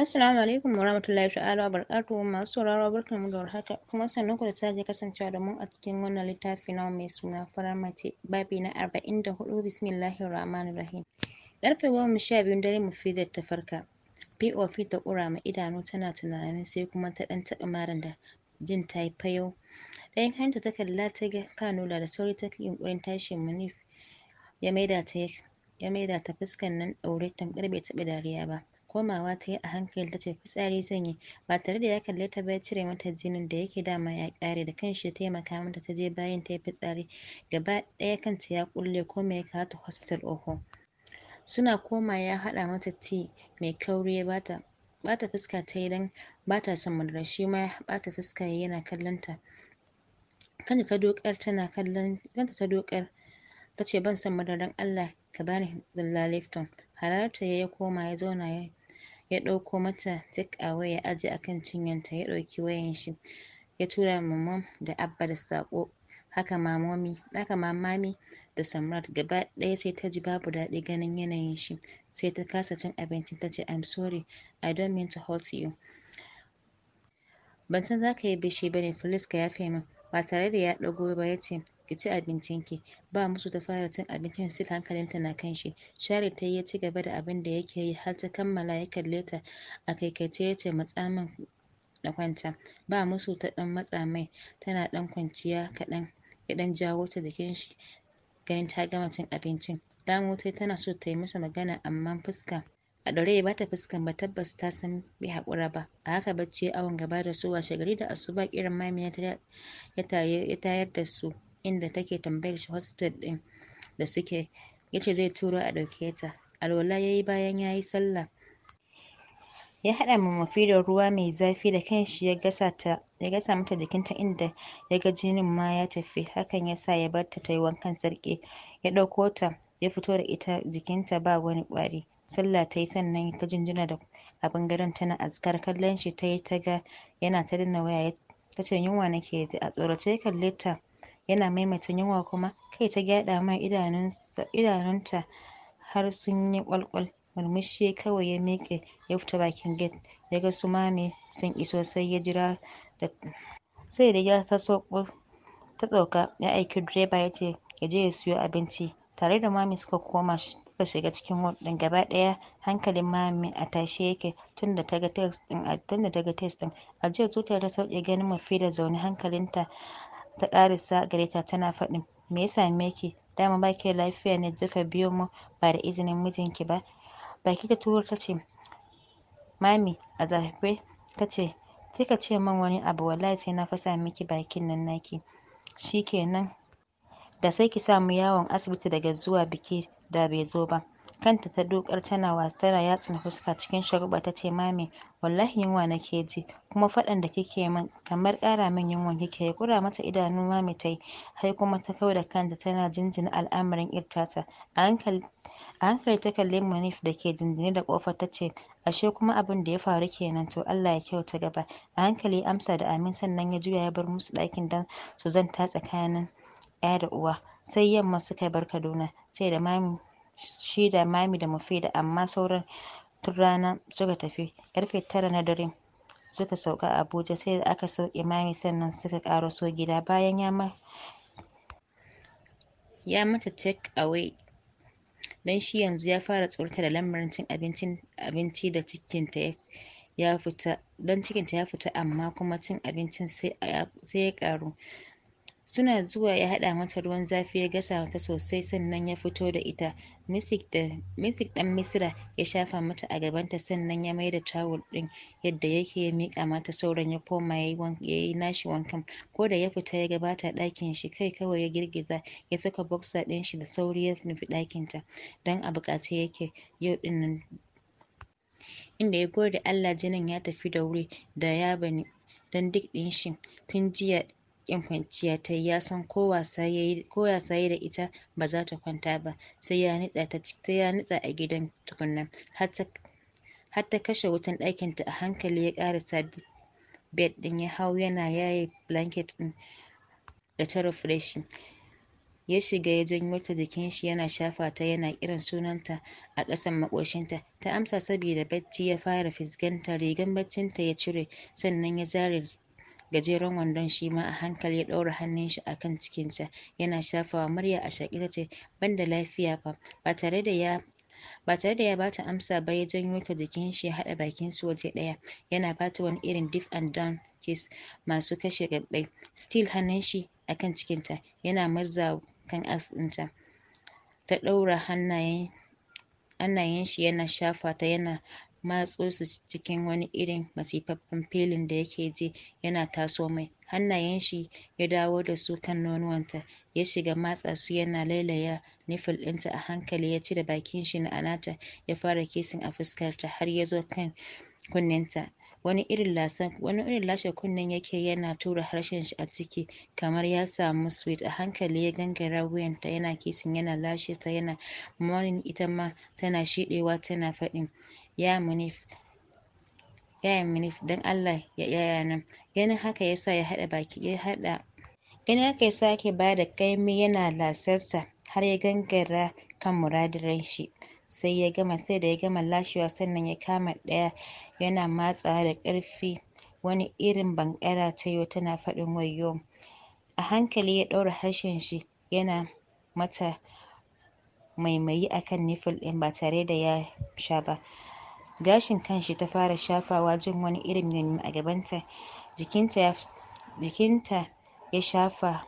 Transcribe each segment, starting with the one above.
Assalamu alaikum warahmatullahi ta'ala wabarakatuh masu sauraro barkanmu da warhaka kuma sannan ku da sake kasancewa da mu a cikin wannan littafi na mai suna farar mace babi na arba'in da hudu bismillahir rahmanir rahim karfe goma sha mu dare mufidar ta farka pop ta kura ma idanu tana tunanin sai kuma ta ɗan taba maran da jin ta yi fayau ɗayan hanta ta kalla ta ga kanula da sauri ta yunkurin tashin munif ya maida ta ya maida ta fuskan nan daure tamkar bai taɓa dariya ba komawa tayi a hankali tace fitsari zan ba tare da ya kalle ta ba ya cire mata jinin da yake dama ya ƙare da kanshi ya taimaka mata ta je bayan ta yi fitsari gaba ɗaya kanta ya ƙulle ko ya kawo ta hospital oho suna koma ya haɗa mata tea mai kauri ya bata ɓata fuska ta yi don ba son madara shi ma ya ɓata fuska ya yana kallon ta kanta ta doƙar tana kallon kanta ta doƙar ta ban son madara don Allah ka bani zalla halartar halarta ya koma ya zauna ya ya ɗauko mata take away ya ajiye akan cinyanta ya ɗauki wayan shi ya tura ma mum da abba da saƙo haka mamomi haka da Samrat gaba ɗaya sai ta ji babu daɗi ganin yanayin shi sai ta kasa cin abinci ta ce I'm sorry I don't mean to hurt you ban san zaka yi bishi bane please ka yafe min ba tare da ya ɗago ba ya ce ki ci abincin ki? ba musu ta fara cin abincin still hankalinta na kan shi share ta ya ci gaba da abin da yake yi har ta kammala ya kalle ta a kaikaice ya ce matsa min na kwanta ba musu ta ɗan matsa mai tana ɗan kwanciya kaɗan ya ɗan jawo ta jikin shi ganin ta gama cin abincin damo tai tana so ta yi masa magana amma fuska a ɗaure ba ta fuskan ba tabbas ta san bai haƙura ba a haka bacci awon gaba da su washe gari da asuba kiran mamiya ya tayar da su inda take tambayar shi hostel ɗin da suke yace zai turo a ɗauke ta alwala yi bayan ya yi sallah ya haɗa ma da ruwa mai zafi da kanshi ya gasa ta ya gasa mata jikinta inda ya ga jinin ma ya tafi hakan ya sa ya bar ta ta yi wankan sarƙe ya ɗauko ta ya fito da ita jikinta ba wani ƙwari sallah tayi sannan ta jinjina da abin gadon tana azkar kallon shi tayi ga yana ta danna waya tace yunwa nake ji a tsorace ya kalle ta yana maimaita yunwa kuma kai ta gyaɗa mai idanunta har sun yi ƙwalƙwal murmushi kawai ya mike ya fita bakin gate ya ga su mami sun iso sai ya jira da sai ya ta sauko ta sauka ya aiki direba yace ya ya siyo abinci tare da mami suka koma suka shiga cikin ward ɗin gaba ɗaya hankalin Mamin a tashe yake tunda taga ga text ɗin tunda taga text ɗin zuciyar ta sauke ganin da zaune hankalinta ta ƙarasa gare ta tana faɗin me ya same ki dama ba ki da lafiya ne duka biyo mu ba da izinin mijinki ba baki ta turo ta ce mami a zafe ta ce kika ce min wani abu wallahi sai na fasa miki bakin nan naki shikenan da sai ki samu yawon asibiti daga zuwa biki da bai zo ba kanta ta dukar tana wasa tana yatsan fuska cikin ta tace mami wallahi yunwa nake ji kuma faɗan da kike min kamar ƙara min yunwa kike yi kura mata idanu mami tayi sai kuma ta kau da kanta tana jinjina al'amarin ƴar a hankali a hankali ta kalli Munif da ke jinjine da ƙofar tace ashe kuma abin da ya faru kenan to Allah ya kyauta gaba a hankali ya amsa da amin sannan ya juya ya bar musu ɗakin don su zanta tsakanin ƴa da uwa sai yamma suka bar Kaduna sai da mami shi da mami da da amma sauran tun rana suka tafi karfe tara na dare suka sauka a abuja sai da aka sauke mami sannan suka su gida bayan ya ma ya mata take away don shi yanzu ya fara tsorata da lamarin cin abincin abinci da cikinta ya fita don ta ya fita amma kuma cin abincin sai ya ƙaru suna zuwa ya haɗa mata ruwan zafi ya gasa mata sosai sannan ya fito da ita misik ɗan misira ya shafa mata a gabanta sannan ya maida tawul ɗin yadda yake ya miƙa mata sauran ya koma ya yi nashi wankan ko da ya fita ya gabata ɗakin shi kai kawai ya girgiza ya saka boksa ɗin shi da sauri ya nufi ɗakinta ta don a buƙace yake yau ɗin nan inda ya gode Allah jinin ya tafi da wuri da ya bani don duk ɗin shi tun jiya ƙin kwanciya ta yi ya san ko wasa yi ko wasa yi da ita ba za ta kwanta ba sai ya nutsa ta sai ya nutsa a gidan tukunna har ta har ta kashe wutan ɗakin ta a hankali ya ƙarasa bed ɗin ya hau yana yaye blanket ɗin da ta rufe shi ya shiga ya janyo ta jikin shi yana shafa ta yana kiran sunanta a ƙasan maƙoshinta ta amsa saboda bacci ya fara fisganta rigar baccin ta ya cire sannan ya zare gajeren wandon shi ma a hankali ya ɗaura hannun shi akan cikinta yana shafawa murya a shaƙe ban da lafiya fa ba tare da ya ba tare da ya bata amsa ba ya janyo ta jikin shi ya haɗa bakin su waje ɗaya yana bata wani irin dip and down kiss masu kashe gabbai still hannun shi akan cikinta yana murza kan ass ɗinta ta ɗaura hannayen hannayen shi yana shafa ta yana matso su cikin wani irin masifaffen filin da yake je yana taso mai hannayen shi ya dawo da su kan nonuwanta ya shiga matsa su yana lailaya nipple ɗinta a hankali ya cire bakin shi na nata ya fara kisin a fuskarta har ya zo kan kunnenta wani irin lasan wani irin lashe kunnen yake yana tura harshen shi a ciki kamar ya samu sweet a hankali ya gangara wuyanta yana kisin yana lashe ta yana morning ita ma tana shiɗewa tana faɗin ya munif munif don Allah ya yaya nan ganin haka yasa ya haɗa baki ya haɗa ganin haka yasa yake bada kaimi yana lasarta har ya gangara kan muradin ran shi sai ya gama sai da ya gama lashewa sannan ya kama ɗaya yana matsawa da ƙarfi wani irin banƙara ta yau tana faɗin wayyo a hankali ya ɗaura harshen shi yana mata maimayi akan nipple ɗin ba tare da ya sha ba gashin kanshi ta fara shafawa jin wani irin yanayi a gabanta jikinta ya jikinta ya shafa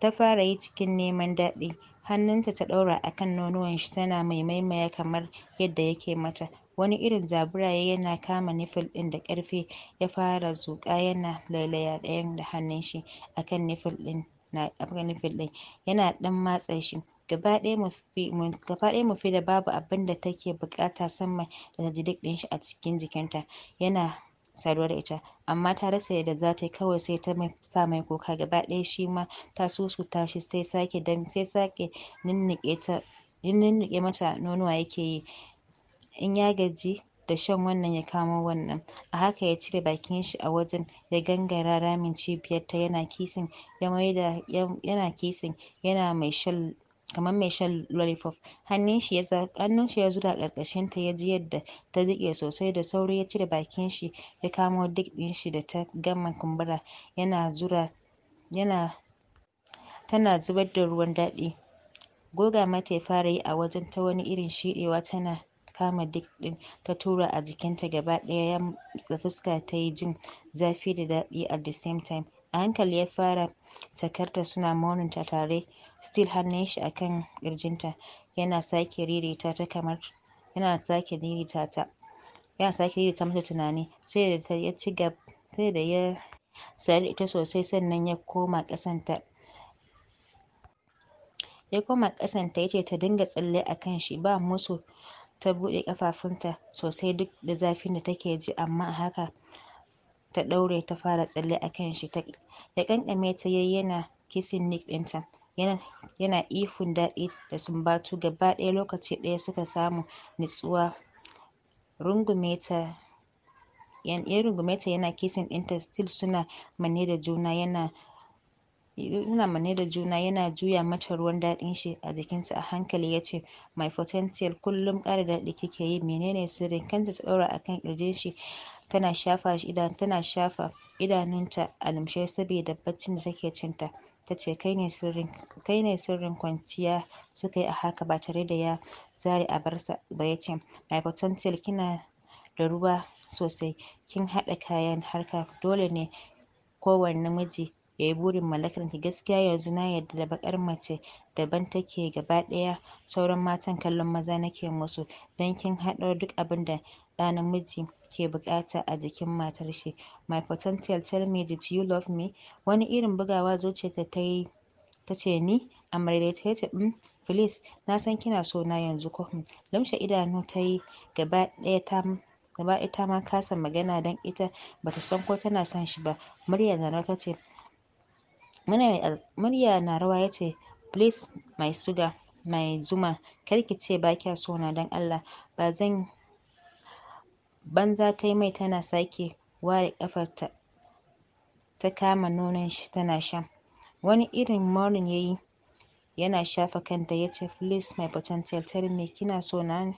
ta fara yi cikin neman daɗi hannunta ta ɗaura a kan nonuwanshi tana mai maimaya kamar yadda yake mata wani irin zabura yayi yana kama nipple ɗin da ƙarfi ya fara zuƙa yana lailaya ɗayan da hannunshi a kan nipple ɗin na a nipple ɗin yana ɗan matse shi gaba ɗaya Mufida babu abinda take buƙata sama da ta ji duk ɗinshi a cikin jikinta yana saduwa da ita amma ta rasa yadda za ta yi kawai sai ta sa mai kuka gaba ɗaya shi ma ta susuta shi sai sake sai sake nunnuƙe ta nunnuƙe mata nonuwa yake yi in ya gaji da shan wannan ya kamo wannan a haka ya cire bakin shi a wajen ya gangara ramin cibiyar ta yana kissing ya maida yana kissing yana mai shan kamar mai shan lollipop hannun shi ya zura ƙarƙashin ta ya ji yadda ta riƙe sosai da sauri ya cire bakin shi ya kamo duk ɗin shi da ta gama kumbura yana zura yana tana zubar da ruwan daɗi goga mata ya fara yi a wajen ta wani irin shiɗewa tana kama duk ɗin ta tura a jikin ta gaba ɗaya ya fuska ta yi jin zafi da daɗi at the same time a hankali ya fara cakar ta suna moaning tare still hannun shi akan ta yana sake ririta ta kamar yana sake ririta ta yana sake ririta mata tunani sai da ta ya ci gab sai da ya sayar da ita sosai sannan ya koma ƙasanta ya koma ta yace ta dinga tsalle akan shi ba musu ta buɗe ta sosai duk da zafin da take ji amma a haka ta ɗaure ta fara tsalle akan shi ta ya ƙanƙame ta yayi yana kissing neck ta. yana yana ihun daɗi da sumbatu gaba ɗaya lokaci ɗaya suka samu nutsuwa rungume ta ya rungume ta yana kissing ɗinta still suna manne da juna yana suna manne da juna yana juya mata ruwan daɗin shi a jikinta a hankali yace my potential kullum ƙara daɗi kike yi menene sirrin kanta ta a akan ƙirjin shi tana shafa shi tana shafa idanunta a lumshe sabida baccin da take cinta. tace kai ne sirrin kai sirrin kwanciya suka yi a haka ba tare da ya zare barsa ba ya ce my potential kina da ruwa sosai kin haɗa kayan harka dole ne kowane namiji yayi burin mallakar gaskiya yanzu na yarda da baƙar mace daban take gaba ɗaya sauran matan kallon maza nake musu don kin haɗo duk abinda ɗa namiji ke buƙata a jikin matar shi my potential tell me did you love me wani irin bugawa zuciyarta tayi tace ni am irritated ɗin hmm, please na san kina so na yanzu ko um hmm. lumshe idanu tayi gaba ɗaya ta gaba ɗaya ta ma kasa magana don ita bata san ko tana son shi ba muryar Nana tace Murya na rawa ya ce, "Please my sugar, my zuma, kar ki ce ba kya so na don Allah. Ba zan" banza ta yi mai tana sake ware kafar ta kama nonon shi tana sha. Wani irin moaning ya yi yana shafa kanta ya ce, "Please my potential, tell me kina so na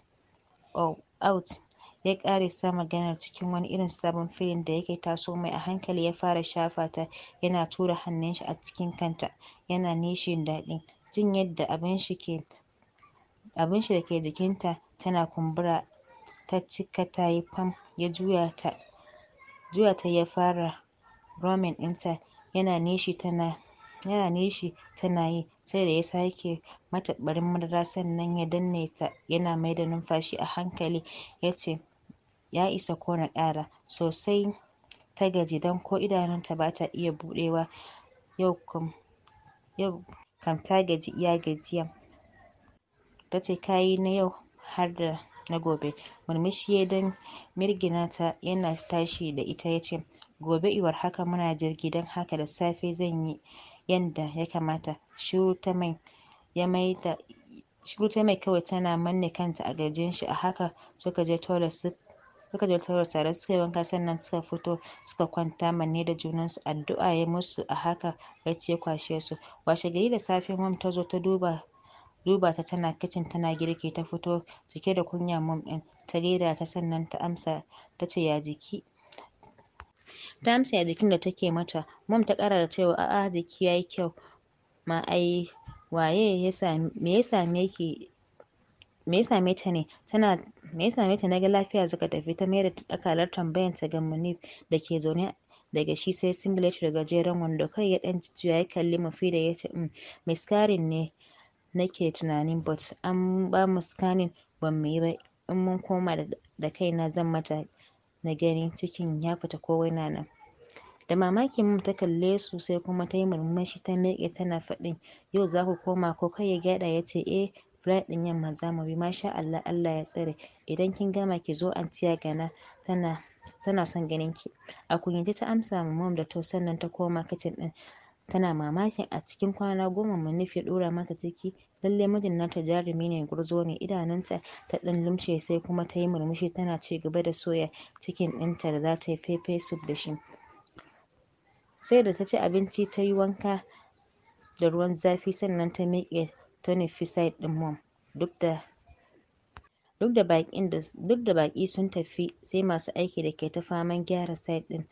oh, out." ya sa maganar cikin wani irin sabon filin da yake taso mai a hankali ya fara shafa ta yana tura hannun shi a cikin kanta yana nishin daɗi jin yadda abin shi ke abin shi dake jikinta tana kumbura ta cika tayi fam ya juya ta juya ta ya fara ramming ɗinta yana nishi tana yana nishi tana yi sai da ya sake mata ɓarin madara sannan ya danne ta yana maida numfashi a hankali yace ya isa kona ƙara sosai ta gaji don ko idanunta bata iya buɗewa yau kam yau kam ta gaji iya gajiya tace kayi na yau har na gobe murmushi yayi dan mirgina ta yana tashi da ita yace gobe iwar haka muna jirgi don haka da safe zanyi yanda ya kamata shiru ta mai ya maida shiru ta mai kawai tana manne kanta a kirjin shi a haka suka je toilet suka je taro tare suka yi wanka sannan suka fito suka kwanta manne da junansu addu'a ya musu a haka bacci ya kwashe su washe gari da safe mom ta zo ta duba duba ta tana kicin tana girki ta fito cike da kunya mom ɗin ta gaida ta sannan ta amsa ta ce ya jiki ta amsa ya jikin da take mata mom ta ƙara da cewa a'a jiki yayi kyau ma ai waye ya me ya same ki me ya same ta ne tana me ya same ta na ga lafiya suka tafi ta mayar da akalar tambayan ta ga Munif da ke zaune daga shi sai singlet da gajeren wando kai ya dan jijiya ya kalli da ya ce um mm, miscarrying ne nake tunanin but an ba bamu scanning bamu yi ba in mun koma da kaina zan mata na gani cikin ya fita ko yana nan da mamaki mun ta kalle su sai kuma ta yi murmushi ta miƙe tana faɗin yau za ku koma ko kai ya gyaɗa ya ce eh bread ɗin yamma zamu bi masha Allah Allah ya tsare idan kin gama ki zo anty ga na tana tana son ganin ki a kunyace ta amsa ma mom da to sannan ta koma kicin ɗin tana mamakin a cikin kwana goma Munif ya ɗora mata ciki lallai mijin nata jarumi ne gwarzo ne idanunta ta ɗan lumshe sai kuma tayi murmushi tana cigaba da soya cikin ɗinta da yi pepper soup da shi sai da ta ci abinci tayi wanka da ruwan zafi sannan ta miƙe ta ɗin mom duk da duk da baƙin da duk da baƙi sun tafi sai masu aiki da ke ta faman gyara site ɗin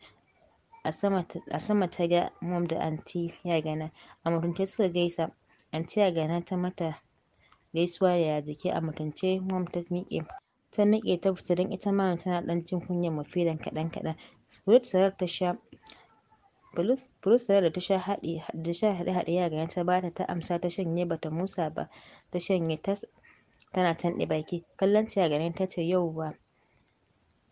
a sama a sama ta ga mom da anty Yagana a mutunce suka gaisa anty Yagana ta mata gaisuwa da jiki a mutunce mom ta miƙe ta miƙe ta fita don ita ma tana ɗan jin kunyar Mafidan kaɗan kaɗan Spirit Salat ta sha fursunar da ta sha haɗe-haɗe yaganta ta bata ta amsa ta shanye bata musa ba ta shanye tana tanɗe baki kallon ta yaganin ta ce yauwa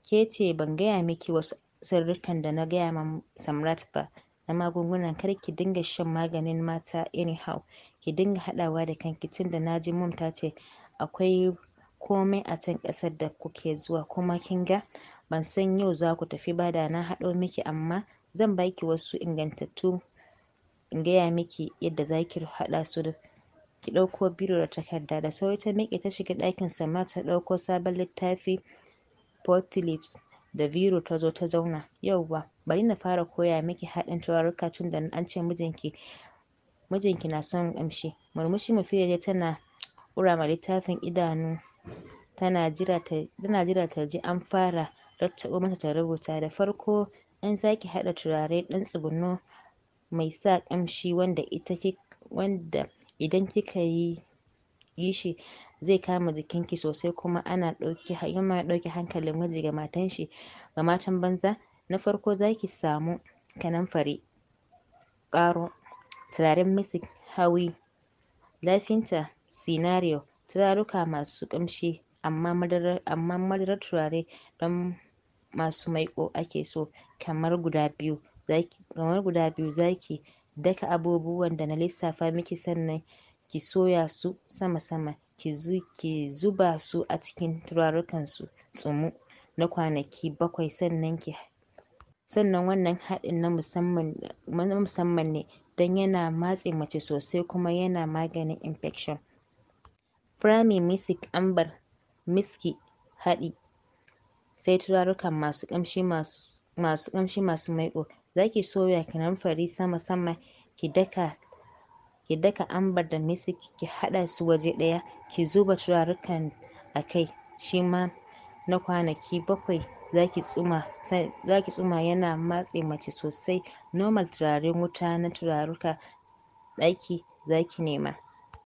ke ce ban gaya miki wasu sirrikan da na gaya ma Samrat ba na magungunan kar ki dinga shan maganin mata anyhow ki dinga haɗawa da kanki da na ji mum ta ce akwai komai a can ƙasar da kuke zuwa kuma kin ga ban san yau za ku tafi ba da na haɗo miki amma zan baki wasu ingantattu in gaya miki yadda zaki haɗa su ki ɗauko biro da takarda da sauri ta miƙe ta shiga ɗakin sannan ta ɗauko sabon littafi Portlips da biro ta zo ta zauna yauwa bari na fara koya miki haɗin turaruka tunda an ce mijinki mijinki na son ƙamshi murmushi Mufida tayi tana ƙura ma littafin idanu tana jira ta tana jira ta ji an fara rattabo mata ta rubuta da farko in zaki haɗa turare ɗan tsugunno mai sa ƙamshi wanda ita wanda idan kika yi yi shi zai kama jikinki sosai kuma ana ɗauki yana ɗauke hankalin miji ga matan shi ga matan banza na farko zaki samu kanamfari ƙaro turaren misik hawi lafinta sinario turaruka masu ƙamshi amma madarar amma madarar turare ɗan masu maiƙo ake so kamar guda biyu kamar guda biyu zaki daka abubuwan da na lissafa miki sannan ki soya su sama sama ki zuba su a cikin turarukan su tsumu na kwanaki bakwai sannan ki sannan wannan haɗin na musamman na musamman ne don yana matse mace sosai kuma yana maganin infection Firamin Misk Ambar Miski haɗi sai turarukan masu ƙamshi masu masu ƙamshi masu maiƙo zaki soya kanamfari sama sama ki daka ki daka ambar da misik ki haɗa su waje ɗaya ki zuba turarukan a kai shima na kwanaki bakwai zaki tsuma zaki tsuma yana matse mace sosai normal turaren wuta na turaruka ɗaki zaki nema